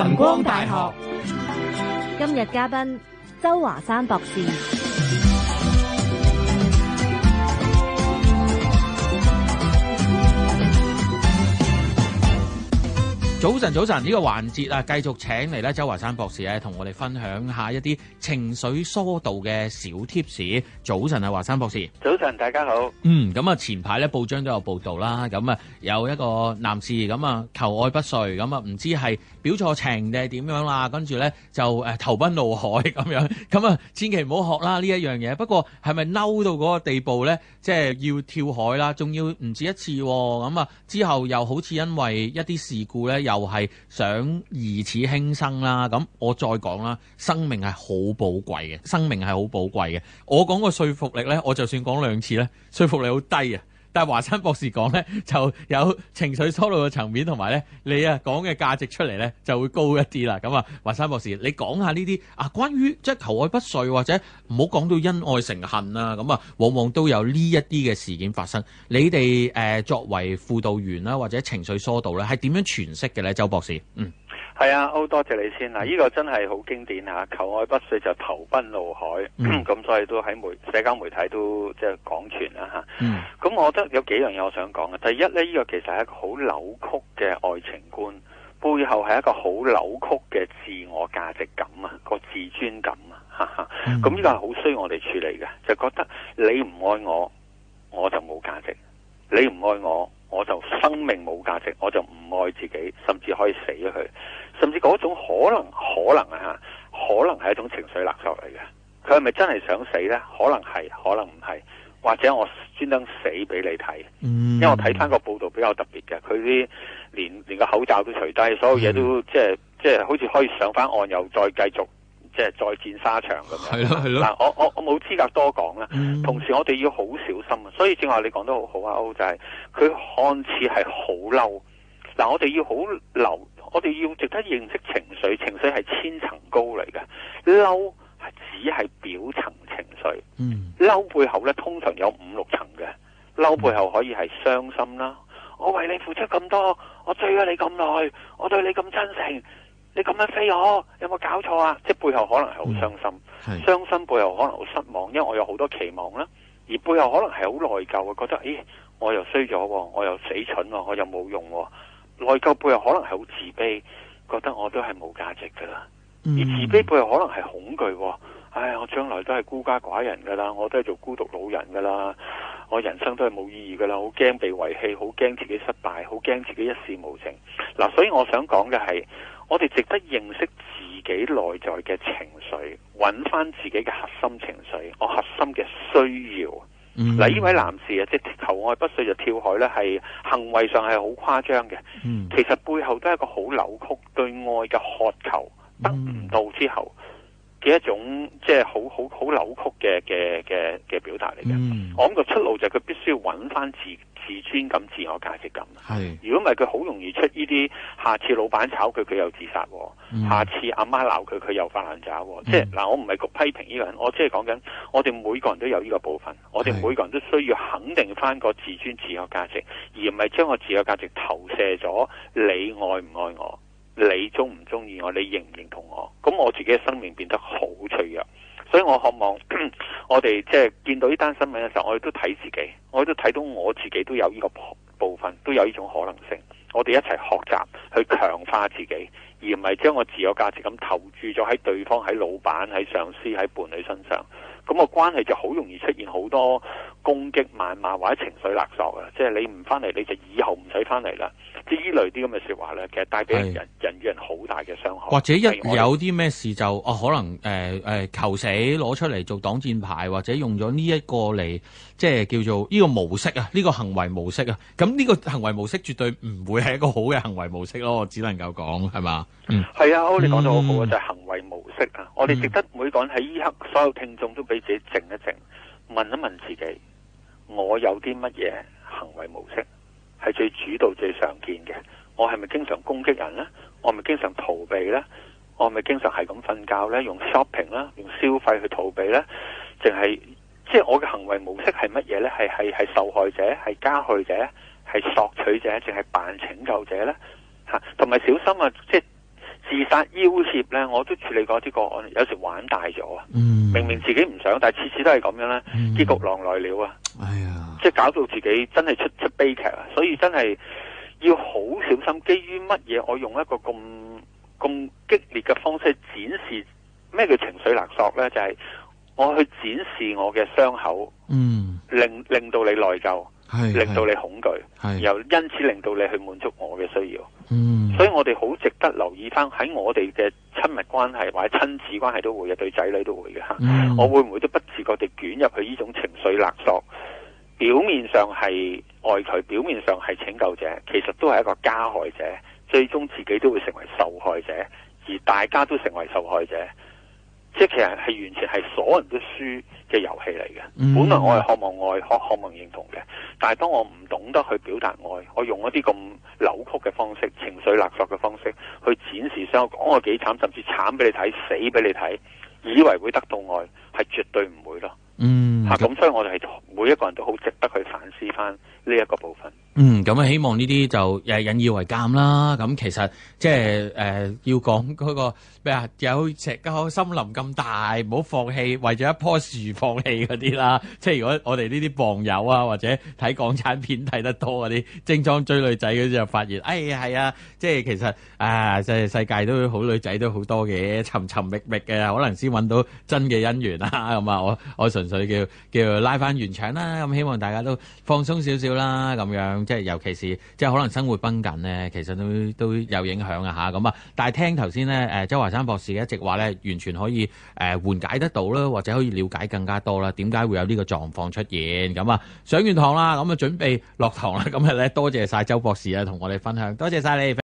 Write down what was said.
晨光大學今日嘉賓周華山博士。早晨，早晨呢、這個環節啊，繼續請嚟咧，周華山博士咧，同我哋分享一下一啲情緒疏導嘅小 tips。早晨啊，華山博士。早晨，大家好。嗯，咁啊，前排咧報章都有報道啦，咁、嗯、啊有一個男士咁啊、嗯、求愛不遂，咁啊唔知係表錯情定係點樣啦，跟住咧就誒投奔怒海咁樣，咁、嗯、啊千祈唔好學啦呢一樣嘢。不過係咪嬲到嗰個地步咧，即、就、係、是、要跳海啦？仲要唔止一次，咁、嗯、啊之後又好似因為一啲事故咧。又係想疑似輕生啦，咁我再講啦，生命係好寶貴嘅，生命係好寶貴嘅。我講個說服力呢，我就算講兩次呢，說服力好低啊。但華山博士講咧，就有情緒疏導嘅層面，同埋咧你啊講嘅價值出嚟咧就會高一啲啦。咁啊，華山博士，你講下呢啲啊，關於即係求愛不遂或者唔好講到恩愛成恨啊，咁啊，往往都有呢一啲嘅事件發生。你哋誒、呃、作為輔導員啦，或者情緒疏導咧，係點樣詮釋嘅咧？周博士，嗯。係啊，好多謝你先啦、啊！依、這個真係好經典吓、啊，求愛不遂就投奔怒海，咁、嗯、 所以都喺媒社交媒體都即係廣傳啦吓。咁、嗯啊、我覺得有幾樣嘢我想講嘅，第一呢，呢、這個其實係一個好扭曲嘅愛情觀，背後係一個好扭曲嘅自我價值感啊，個自尊感啊。咁呢個係好需要我哋處理嘅，就覺得你唔愛我，我就冇價值；你唔愛我。我就生命冇價值，我就唔愛自己，甚至可以死咗佢，甚至嗰種可能可能啊吓，可能係一種情緒勒索嚟嘅。佢係咪真係想死咧？可能係，可能唔係。或者我專登死俾你睇，嗯、因為我睇翻個報道比較特別嘅，佢啲連連個口罩都除低，所有嘢都、嗯、即係即係，好似可以上翻岸又再繼續。即係再戰沙場咁樣，係咯係咯。嗱，我我我冇資格多講啦。嗯、同時我哋要好小心啊。所以正話你講得好好啊，歐仔。佢看似係好嬲，嗱，我哋要好留，我哋要值得認識情緒。情緒係千層糕嚟嘅，嬲係只係表層情緒。嗯，嬲背後咧，通常有五六層嘅，嬲背後可以係傷心啦。嗯、我為你付出咁多，我追咗你咁耐，我對你咁真誠。你咁樣飛我，有冇搞錯啊？即係背後可能係好傷心，傷、嗯、心背後可能好失望，因為我有好多期望啦、啊。而背後可能係好內疚、啊，覺得誒，我又衰咗、啊，我又死蠢、啊，我又冇用、啊。內疚背後可能係好自卑，覺得我都係冇價值噶啦。嗯、而自卑背後可能係恐懼、啊，唉，我將來都係孤家寡人噶啦，我都係做孤獨老人噶啦，我人生都係冇意義噶啦，好驚被遺棄，好驚自己失敗，好驚自己一事無成。嗱，所以我想講嘅係。我哋值得認識自己內在嘅情緒，揾翻自己嘅核心情緒，我核心嘅需要。嗱、嗯，呢位男士啊，即係求愛不遂就跳海呢，係行為上係好誇張嘅。嗯、其實背後都係一個好扭曲對愛嘅渴求，得唔到之後。嗯嘅一種即係好好好扭曲嘅嘅嘅嘅表達嚟嘅，嗯、我諗個出路就係佢必須要揾翻自自尊咁自我價值感。係是，如果唔係佢好容易出呢啲，下次老闆炒佢佢又自殺，嗯、下次阿媽鬧佢佢又發爛渣。嗯、即係嗱，我唔係局批評呢個人，我即係講緊我哋每個人都有呢個部分，我哋每個人都需要肯定翻個自尊、自我價值，而唔係將個自我價值投射咗你愛唔愛我。你中唔中意我？你認唔認同我？咁我自己嘅生命變得好脆弱，所以我渴望 我哋即係見到呢單新聞嘅時候，我亦都睇自己，我亦都睇到我自己都有呢個部分，都有呢種可能性。我哋一齊學習去強化自己，而唔係將個自我價值咁投注咗喺對方、喺老闆、喺上司、喺伴侶身上。咁個關係就好容易出現好多攻擊謾罵或者情緒勒索啊！即係你唔翻嚟，你就以後唔使翻嚟啦。即係呢類啲咁嘅説話咧，其實帶俾人人與人好大嘅傷害。或者一有啲咩事就哦，可能誒誒求死攞出嚟做擋箭牌，或者用咗呢一個嚟即係叫做呢個模式啊，呢個行為模式啊。咁呢個行為模式絕對唔會係一個好嘅行為模式咯，我只能夠講係嘛？嗯，係啊，我哋講到好好啊，就係行為模式啊。我哋值得每個人喺依刻，所有聽眾都俾。自己靜一靜，問一問自己，我有啲乜嘢行為模式係最主導、最常見嘅？我係咪經常攻擊人呢？我係咪經常逃避呢？我係咪經常係咁瞓覺呢？用 shopping 啦，用消費去逃避呢？淨係即係我嘅行為模式係乜嘢呢？係係受害者，係加害者，係索取者，淨係扮拯救者呢？吓，同埋小心啊！即、就是自殺要挾呢，我都處理過啲個案，有時玩大咗啊！嗯、明明自己唔想，但係次次都係咁樣咧，結、嗯、局狼來了啊！哎、呀即係搞到自己真係出出悲劇啊！所以真係要好小心，基於乜嘢我用一個咁咁激烈嘅方式展示咩叫情緒勒索呢？就係、是、我去展示我嘅傷口，嗯、令令到你內疚。令到你恐懼，又的因此令到你去滿足我嘅需要。嗯，所以我哋好值得留意翻喺我哋嘅親密關係或者親子關係都會嘅，對仔女都會嘅、嗯、我會唔會都不自覺地捲入去呢種情緒勒索？表面上係愛佢，表面上係拯救者，其實都係一個加害者，最終自己都會成為受害者，而大家都成為受害者。即係其實係完全係所有人都輸嘅遊戲嚟嘅。本來我係渴望愛、渴渴望認同嘅，但係當我唔懂得去表達愛，我用一啲咁扭曲嘅方式、情緒勒索嘅方式去展示，想我講我幾慘，甚至慘俾你睇、死俾你睇，以為會得到愛，係絕對唔會咯。嗯，吓、okay. 咁、啊，所以我哋、就、係、是。每一個人都好值得去反思翻呢一個部分。嗯，咁、嗯、啊、嗯，希望呢啲就誒引以為鑑啦。咁、嗯、其實即係誒要講、嗰個咩啊？有石屎森林咁大，唔好放棄，為咗一棵樹放棄啲啦。即係如果我哋呢啲傍友啊，或者睇港產片睇得多啲，精裝追女仔嗰啲，就發現誒係、哎、啊，即係其實啊，即係世界都好女仔都好多嘅，尋尋覓覓嘅，可能先揾到真嘅姻緣啦。咁 啊、嗯，我我純粹叫叫拉翻原場。啦，咁希望大家都放鬆少少啦，咁樣即係尤其是即係可能生活繃緊咧，其實都都有影響啊吓咁啊！但係聽頭先咧，誒、呃，周華山博士一直話咧，完全可以誒緩解得到啦，或者可以了解更加多啦，點解會有呢個狀況出現咁啊？上完堂啦，咁啊，準備落堂啦。咁啊咧，多謝晒周博士啊，同我哋分享，多謝晒你。